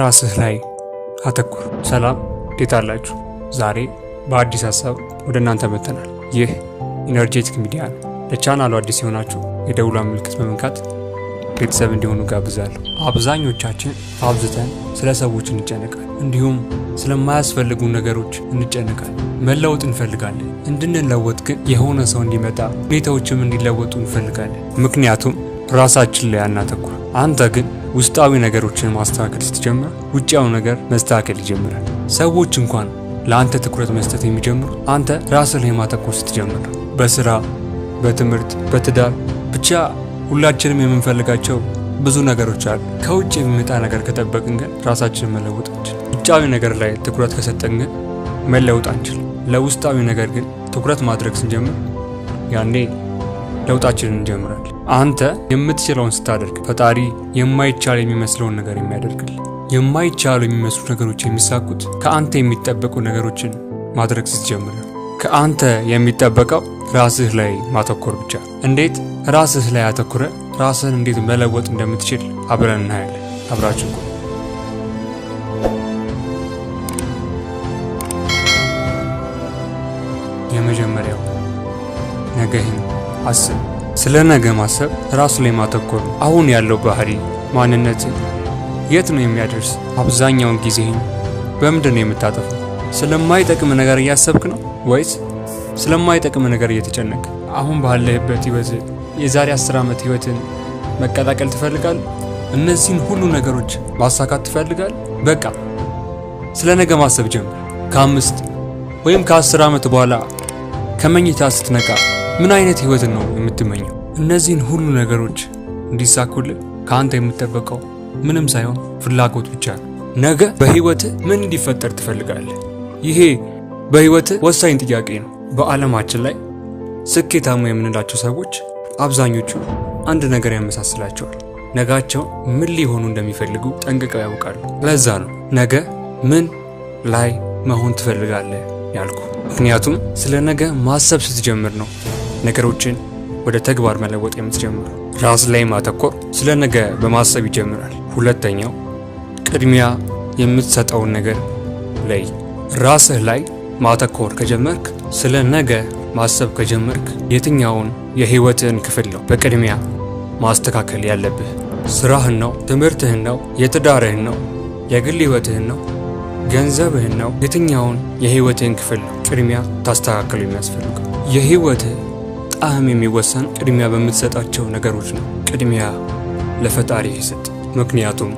ራስህ ላይ አተኩር። ሰላም፣ እንዴት አላችሁ? ዛሬ በአዲስ ሀሳብ ወደ እናንተ መጥተናል። ይህ ኢነርጄቲክ ሚዲያ ነው። ለቻናሉ አዲስ የሆናችሁ የደውሏን ምልክት በመንካት ቤተሰብ እንዲሆኑ ጋብዛለሁ። አብዛኞቻችን አብዝተን ስለ ሰዎች እንጨነቃል፣ እንዲሁም ስለማያስፈልጉ ነገሮች እንጨነቃል። መለወጥ እንፈልጋለን። እንድንለወጥ ግን የሆነ ሰው እንዲመጣ፣ ሁኔታዎችም እንዲለወጡ እንፈልጋለን። ምክንያቱም ራሳችን ላይ አናተኩር። አንተ ግን ውስጣዊ ነገሮችን ማስተካከል ስትጀምር ውጫዊ ነገር መስተካከል ይጀምራል። ሰዎች እንኳን ለአንተ ትኩረት መስጠት የሚጀምሩት አንተ ራስ ላይ ማተኮር ስትጀምር፣ በስራ፣ በትምህርት፣ በትዳር ብቻ ሁላችንም የምንፈልጋቸው ብዙ ነገሮች አሉ። ከውጭ የሚመጣ ነገር ከጠበቅን ግን ራሳችንን መለወጥ አንችል። ውጫዊ ነገር ላይ ትኩረት ከሰጠን ግን መለወጥ አንችል። ለውስጣዊ ነገር ግን ትኩረት ማድረግ ስንጀምር ያኔ ለውጣችንን እንጀምራል። አንተ የምትችለውን ስታደርግ ፈጣሪ የማይቻል የሚመስለውን ነገር የሚያደርግል። የማይቻሉ የሚመስሉ ነገሮች የሚሳኩት ከአንተ የሚጠበቁ ነገሮችን ማድረግ ስትጀምር ከአንተ የሚጠበቀው ራስህ ላይ ማተኮር ብቻ። እንዴት ራስህ ላይ አተኩረ ራስህን እንዴት መለወጥ እንደምትችል አብረን እናያለን። አብራችን የመጀመሪያው ነገህን አስብ። ስለ ነገ ማሰብ ራሱ ላይ ማተኮር ነው። አሁን ያለው ባህሪ ማንነት የት ነው የሚያደርስ? አብዛኛውን ጊዜህን በምንድን ነው የምታጠፋው? ስለማይጠቅም ነገር እያሰብክ ነው ወይስ ስለማይጠቅም ነገር እየተጨነቅ? አሁን ባለህበት ህይወት የዛሬ አስር ዓመት ህይወትን መቀላቀል ትፈልጋል? እነዚህን ሁሉ ነገሮች ማሳካት ትፈልጋል? በቃ ስለ ነገ ማሰብ ጀምር። ከአምስት ወይም ከአስር ዓመት በኋላ ከመኝታ ስትነቃ ምን አይነት ህይወትን ነው የምትመኘው? እነዚህን ሁሉ ነገሮች እንዲሳኩልህ ከአንተ የምጠበቀው ምንም ሳይሆን ፍላጎት ብቻ ነው። ነገ በህይወትህ ምን እንዲፈጠር ትፈልጋለህ? ይሄ በህይወትህ ወሳኝ ጥያቄ ነው። በዓለማችን ላይ ስኬታማ የምንላቸው ሰዎች አብዛኞቹ አንድ ነገር ያመሳስላቸዋል። ነጋቸው ምን ሊሆኑ እንደሚፈልጉ ጠንቅቀው ያውቃሉ። ለዛ ነው ነገ ምን ላይ መሆን ትፈልጋለህ ያልኩ። ምክንያቱም ስለ ነገ ማሰብ ስትጀምር ነው ነገሮችን ወደ ተግባር መለወጥ የምትጀምረው። ራስ ላይ ማተኮር ስለ ነገ በማሰብ ይጀምራል። ሁለተኛው ቅድሚያ የምትሰጠውን ነገር ላይ ራስህ ላይ ማተኮር ከጀመርክ፣ ስለ ነገ ማሰብ ከጀመርክ የትኛውን የህይወትህን ክፍል ነው በቅድሚያ ማስተካከል ያለብህ? ስራህን ነው? ትምህርትህን ነው? የትዳርህን ነው? የግል ህይወትህን ነው? ገንዘብህን ነው? የትኛውን የህይወትህን ክፍል ነው ቅድሚያ ታስተካከሉ የሚያስፈልገው የህይወትህ በጣም የሚወሰን ቅድሚያ በምትሰጣቸው ነገሮች ነው። ቅድሚያ ለፈጣሪ ይሰጥ። ምክንያቱም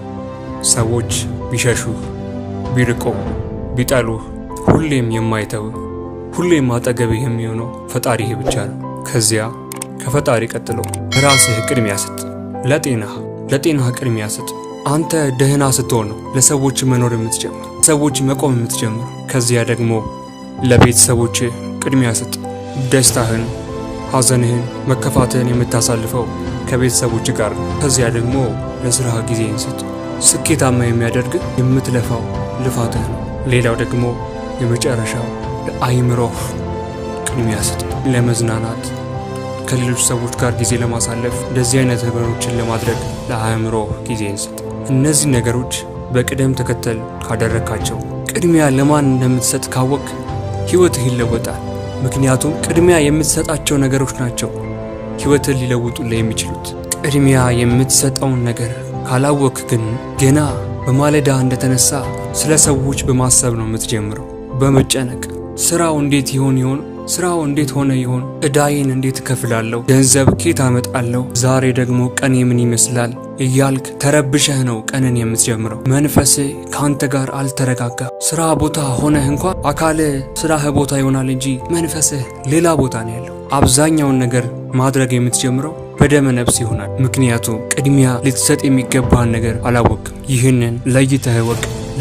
ሰዎች ቢሸሹህ፣ ቢርቆ፣ ቢጠሉህ ሁሌም የማይተው ሁሌም አጠገብህ የሚሆነው ፈጣሪህ ብቻ ነው። ከዚያ ከፈጣሪ ቀጥሎ ራስህ ቅድሚያ ስጥ። ለጤናህ ለጤናህ ቅድሚያ ስጥ። አንተ ደህና ስትሆን ነው ለሰዎች መኖር የምትጀምር፣ ሰዎች መቆም የምትጀምር። ከዚያ ደግሞ ለቤተሰቦች ቅድሚያ ስጥ። ደስታህን ሐዘንህን መከፋትህን የምታሳልፈው ከቤተሰቦች ጋር ከዚያ ደግሞ ለስራ ጊዜን ስጥ። ስኬታማ የሚያደርግ የምትለፋው ልፋትህ ነው። ሌላው ደግሞ የመጨረሻው ለአይምሮህ ቅድሚያ ስጥ። ለመዝናናት ከሌሎች ሰዎች ጋር ጊዜ ለማሳለፍ እንደዚህ አይነት ነገሮችን ለማድረግ ለአእምሮህ ጊዜን ስጥ። እነዚህ ነገሮች በቅደም ተከተል ካደረግካቸው ቅድሚያ ለማን እንደምትሰጥ ካወቅ ህይወትህ ይለወጣል። ምክንያቱም ቅድሚያ የምትሰጣቸው ነገሮች ናቸው ሕይወትን ሊለውጡልህ የሚችሉት። ቅድሚያ የምትሰጠውን ነገር ካላወክ ግን ገና በማለዳ እንደተነሳ ስለ ሰዎች በማሰብ ነው የምትጀምረው፣ በመጨነቅ ስራው እንዴት ይሆን ይሆን ስራው እንዴት ሆነ ይሆን? እዳዬን እንዴት እከፍላለሁ? ገንዘብ ኬት አመጣለሁ? ዛሬ ደግሞ ቀኔ ምን ይመስላል? እያልክ ተረብሸህ ነው ቀንን የምትጀምረው። መንፈሴ ከአንተ ጋር አልተረጋጋ። ስራ ቦታ ሆነህ እንኳ አካል ስራህ ቦታ ይሆናል እንጂ መንፈስህ ሌላ ቦታ ነው ያለው። አብዛኛውን ነገር ማድረግ የምትጀምረው በደመ ነፍስ ይሆናል። ምክንያቱም ቅድሚያ ልትሰጥ የሚገባህን ነገር አላወቅም። ይህንን ለይተህ ወቅ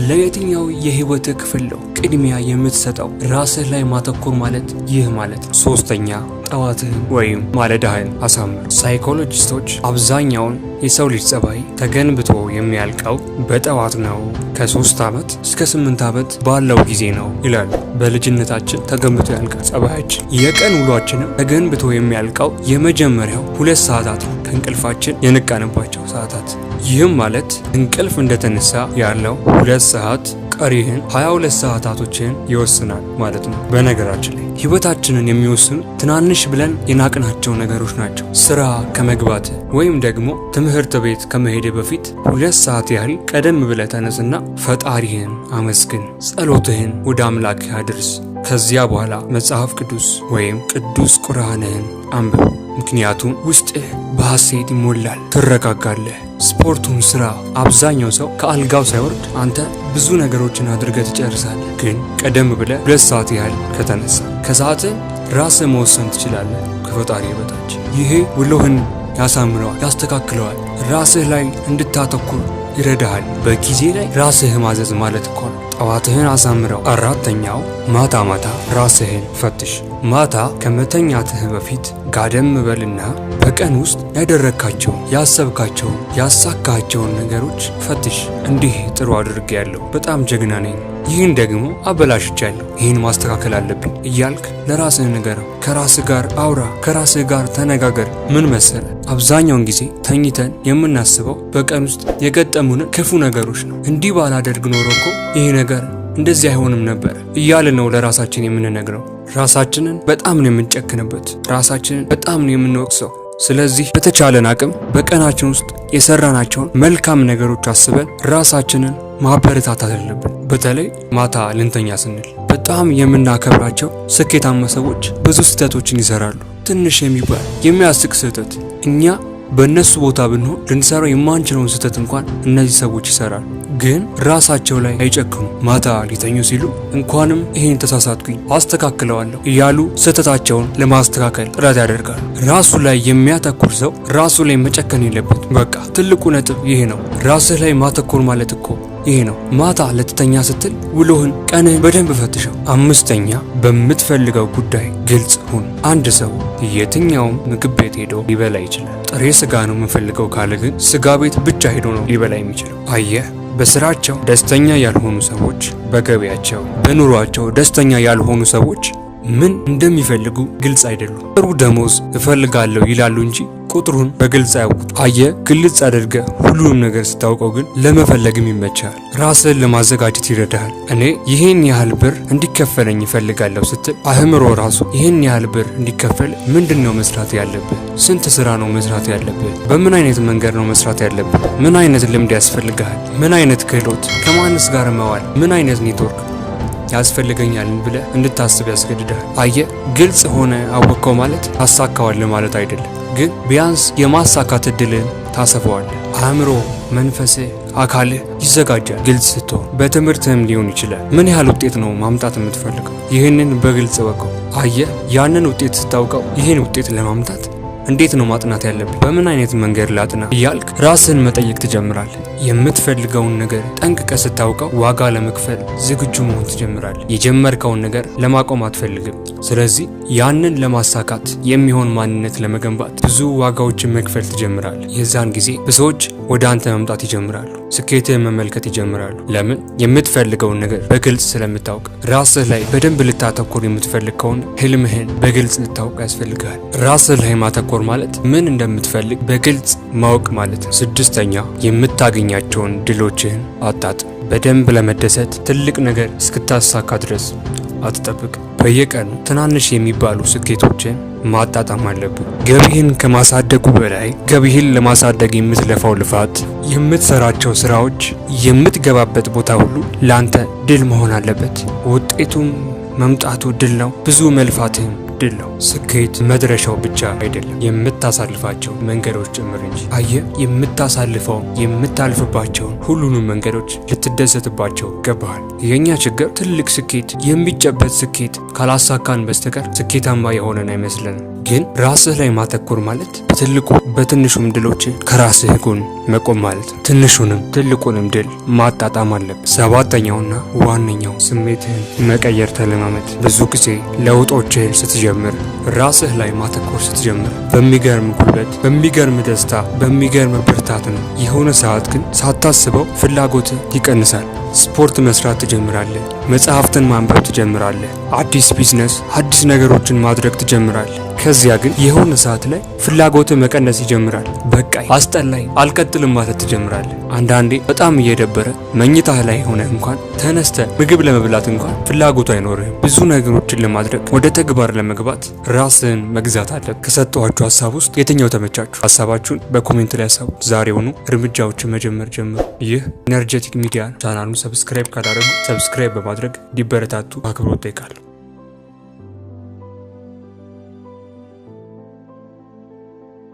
ለየትኛው የህይወት ክፍል ነው ቅድሚያ የምትሰጠው? ራስህ ላይ ማተኮር ማለት ይህ ማለት ነው። ሶስተኛ ጠዋትህን ወይም ማለዳህን አሳምር። ሳይኮሎጂስቶች አብዛኛውን የሰው ልጅ ጸባይ ተገንብቶ የሚያልቀው በጠዋት ነው፣ ከሶስት ዓመት እስከ ስምንት ዓመት ባለው ጊዜ ነው ይላሉ። በልጅነታችን ተገንብቶ ያልቃል ጸባያችን። የቀን ውሏችንም ተገንብቶ የሚያልቀው የመጀመሪያው ሁለት ሰዓታት ነው፣ ከእንቅልፋችን የነቃንባቸው ሰዓታት ይህም ማለት እንቅልፍ እንደተነሳ ያለው ሁለት ሰዓት ቀሪህን 22 ሰዓታቶችን ይወስናል ማለት ነው። በነገራችን ላይ ህይወታችንን የሚወስኑ ትናንሽ ብለን የናቅናቸው ነገሮች ናቸው። ስራ ከመግባት ወይም ደግሞ ትምህርት ቤት ከመሄድ በፊት ሁለት ሰዓት ያህል ቀደም ብለ ተነስና ፈጣሪህን አመስግን፣ ጸሎትህን ወደ አምላክ አድርስ። ከዚያ በኋላ መጽሐፍ ቅዱስ ወይም ቅዱስ ቁርአንህን አንብብ፣ ምክንያቱም ውስጥህ በሐሴት ይሞላል፣ ትረጋጋለህ። ስፖርቱን ስራ። አብዛኛው ሰው ከአልጋው ሳይወርድ አንተ ብዙ ነገሮችን አድርገህ ትጨርሳለህ። ግን ቀደም ብለህ ሁለት ሰዓት ያህል ከተነሳ ከሰዓትህ ራስህ መወሰን ትችላለህ። ከፈጣሪ በታች ይሄ ውሎህን ያሳምረዋል፣ ያስተካክለዋል። ራስህ ላይ እንድታተኩር ይረዳሃል። በጊዜ ላይ ራስህ ማዘዝ ማለት እኮ ነው። ጠዋትህን አሳምረው። አራተኛው ማታ ማታ ራስህን ፈትሽ። ማታ ከመተኛትህ በፊት ጋደም በልና በቀን ውስጥ ያደረግካቸው፣ ያሰብካቸው፣ ያሳካቸውን ነገሮች ፈትሽ። እንዲህ ጥሩ ያለው በጣም ጀግና ነኝ ይህን ደግሞ አበላሽቻለሁ፣ ይህን ማስተካከል አለብኝ እያልክ ለራስህ ንገረው። ከራስህ ጋር አውራ፣ ከራስህ ጋር ተነጋገር። ምን መሰለ፣ አብዛኛውን ጊዜ ተኝተን የምናስበው በቀን ውስጥ የገጠሙንን ክፉ ነገሮች ነው። እንዲህ ባላደርግ ኖሮ እኮ ይህ ነገር እንደዚህ አይሆንም ነበር እያለ ነው ለራሳችን የምንነግረው። ራሳችንን በጣም ነው የምንጨክንበት። ራሳችንን በጣም ነው የምንወቅሰው። ስለዚህ በተቻለን አቅም በቀናችን ውስጥ የሰራናቸውን መልካም ነገሮች አስበን ራሳችንን ማበረታታት አለብን። በተለይ ማታ ልንተኛ ስንል በጣም የምናከብራቸው ስኬታማ ሰዎች ብዙ ስህተቶችን ይሰራሉ። ትንሽ የሚባል የሚያስቅ ስህተት እኛ በእነሱ ቦታ ብንሆን ልንሰራው የማንችለውን ስህተት እንኳን እነዚህ ሰዎች ይሰራሉ። ግን ራሳቸው ላይ አይጨክኑ። ማታ ሊተኙ ሲሉ እንኳንም ይሄን ተሳሳትኩኝ አስተካክለዋለሁ እያሉ ስህተታቸውን ለማስተካከል ጥረት ያደርጋሉ። ራሱ ላይ የሚያተኩር ሰው ራሱ ላይ መጨከን የለበት። በቃ ትልቁ ነጥብ ይሄ ነው። ራስህ ላይ ማተኮር ማለት እኮ ይሄ ነው። ማታ ለትተኛ ስትል ውሎህን፣ ቀንህን በደንብ ፈትሸው። አምስተኛ በምትፈልገው ጉዳይ ግልጽ ሁን። አንድ ሰው የትኛውም ምግብ ቤት ሄዶ ሊበላ ይችላል። ጥሬ ስጋ ነው የምፈልገው ካለ ግን ስጋ ቤት ብቻ ሄዶ ነው ሊበላ የሚችለው። አየህ፣ በስራቸው ደስተኛ ያልሆኑ ሰዎች፣ በገበያቸው በኑሯቸው ደስተኛ ያልሆኑ ሰዎች ምን እንደሚፈልጉ ግልጽ አይደሉም። ጥሩ ደሞዝ እፈልጋለሁ ይላሉ እንጂ ቁጥሩን በግልጽ አያውቁት። አየ ግልጽ አድርገ ሁሉንም ነገር ስታውቀው ግን ለመፈለግም ይመቻል ራስህን ለማዘጋጀት ይረዳሃል። እኔ ይህን ያህል ብር እንዲከፈለኝ ይፈልጋለሁ ስትል አእምሮ ራሱ ይህን ያህል ብር እንዲከፈል ምንድን ነው መስራት ያለብህ? ስንት ስራ ነው መስራት ያለብህ? በምን አይነት መንገድ ነው መስራት ያለብህ? ምን አይነት ልምድ ያስፈልግሃል? ምን አይነት ክህሎት? ከማንስ ጋር መዋል? ምን አይነት ኔትወርክ ያስፈልገኛልን ብለህ እንድታስብ ያስገድዳል። አየ ግልጽ ሆነ አወቀው ማለት ታሳካዋለህ ማለት አይደለም። ግን ቢያንስ የማሳካት እድልን ታሰፈዋል። አእምሮ፣ መንፈስህ፣ አካልህ ይዘጋጃል። ግልጽ ስትሆን በትምህርትህም ሊሆን ይችላል። ምን ያህል ውጤት ነው ማምጣት የምትፈልገው? ይህንን በግልጽ ወቀው። አየህ፣ ያንን ውጤት ስታውቀው ይህን ውጤት ለማምጣት እንዴት ነው ማጥናት ያለብኝ? በምን አይነት መንገድ ላጥና? እያልክ ራስን መጠየቅ ትጀምራል? የምትፈልገውን ነገር ጠንቅቀ ስታውቀው ዋጋ ለመክፈል ዝግጁ መሆን ትጀምራል። የጀመርከውን ነገር ለማቆም አትፈልግም። ስለዚህ ያንን ለማሳካት የሚሆን ማንነት ለመገንባት ብዙ ዋጋዎችን መክፈል ትጀምራል የዛን ጊዜ ብዙዎች ወደ አንተ መምጣት ይጀምራሉ። ስኬትህን መመልከት ይጀምራሉ። ለምን? የምትፈልገውን ነገር በግልጽ ስለምታውቅ። ራስህ ላይ በደንብ ልታተኩር የምትፈልግ ከሆነ ህልምህን በግልጽ ልታውቅ ያስፈልግሃል። ራስህ ላይ ማተኩር ማተኮር ማለት ምን እንደምትፈልግ በግልጽ ማወቅ ማለት ነው። ስድስተኛ የምታገኛቸውን ድሎችህን አጣጥ በደንብ ለመደሰት ትልቅ ነገር እስክታሳካ ድረስ አትጠብቅ። በየቀኑ ትናንሽ የሚባሉ ስኬቶችን ማጣጣም አለብን። ገቢህን ከማሳደጉ በላይ ገቢህን ለማሳደግ የምትለፋው ልፋት፣ የምትሰራቸው ስራዎች፣ የምትገባበት ቦታ ሁሉ ለአንተ ድል መሆን አለበት። ውጤቱም መምጣቱ ድል ነው። ብዙ መልፋትህም እድል ነው። ስኬት መድረሻው ብቻ አይደለም፣ የምታሳልፋቸው መንገዶች ጭምር እንጂ። አየህ፣ የምታሳልፈው የምታልፍባቸውን ሁሉንም መንገዶች ልትደሰትባቸው ይገባሃል። የእኛ ችግር ትልቅ ስኬት የሚጨበት ስኬት ካላሳካን በስተቀር ስኬታማ የሆነን አይመስለንም። ግን ራስህ ላይ ማተኮር ማለት በትልቁ በትንሹም ድሎች ከራስህ ጎን መቆም ማለት ነው። ትንሹንም ትልቁንም ድል ማጣጣም አለብ። ሰባተኛውና ዋነኛው ስሜትህን መቀየር ተለማመድ። ብዙ ጊዜ ለውጦችህን ስትጀምር፣ ራስህ ላይ ማተኮር ስትጀምር፣ በሚገርም ጉልበት፣ በሚገርም ደስታ፣ በሚገርም ብርታት ነው። የሆነ ሰዓት ግን ሳታስበው ፍላጎት ይቀንሳል። ስፖርት መስራት ትጀምራለህ። መጽሐፍትን ማንበብ ትጀምራለህ። አዲስ ቢዝነስ፣ አዲስ ነገሮችን ማድረግ ትጀምራለህ። ከዚያ ግን የሆነ ሰዓት ላይ ፍላጎት መቀነስ ይጀምራል። በቃይ አስጠላኝ፣ አልቀጥልም ማለት ትጀምራለህ። አንዳንዴ በጣም እየደበረ መኝታ ላይ ሆነ እንኳን ተነስተ ምግብ ለመብላት እንኳን ፍላጎቱ አይኖርህም። ብዙ ነገሮችን ለማድረግ ወደ ተግባር ለመግባት ራስን መግዛት አለብ። ከሰጠኋችሁ ሀሳብ ውስጥ የትኛው ተመቻችሁ? ሀሳባችሁን በኮሜንት ላይ ያሳቡ። ዛሬውኑ እርምጃዎችን መጀመር ጀምሩ። ይህ ኢነርጄቲክ ሚዲያ ቻናሉን ሰብስክራይብ ካላደረጉ ሰብስክራይብ በማድረግ እንዲበረታቱ አክብሮት ጠይቃለሁ።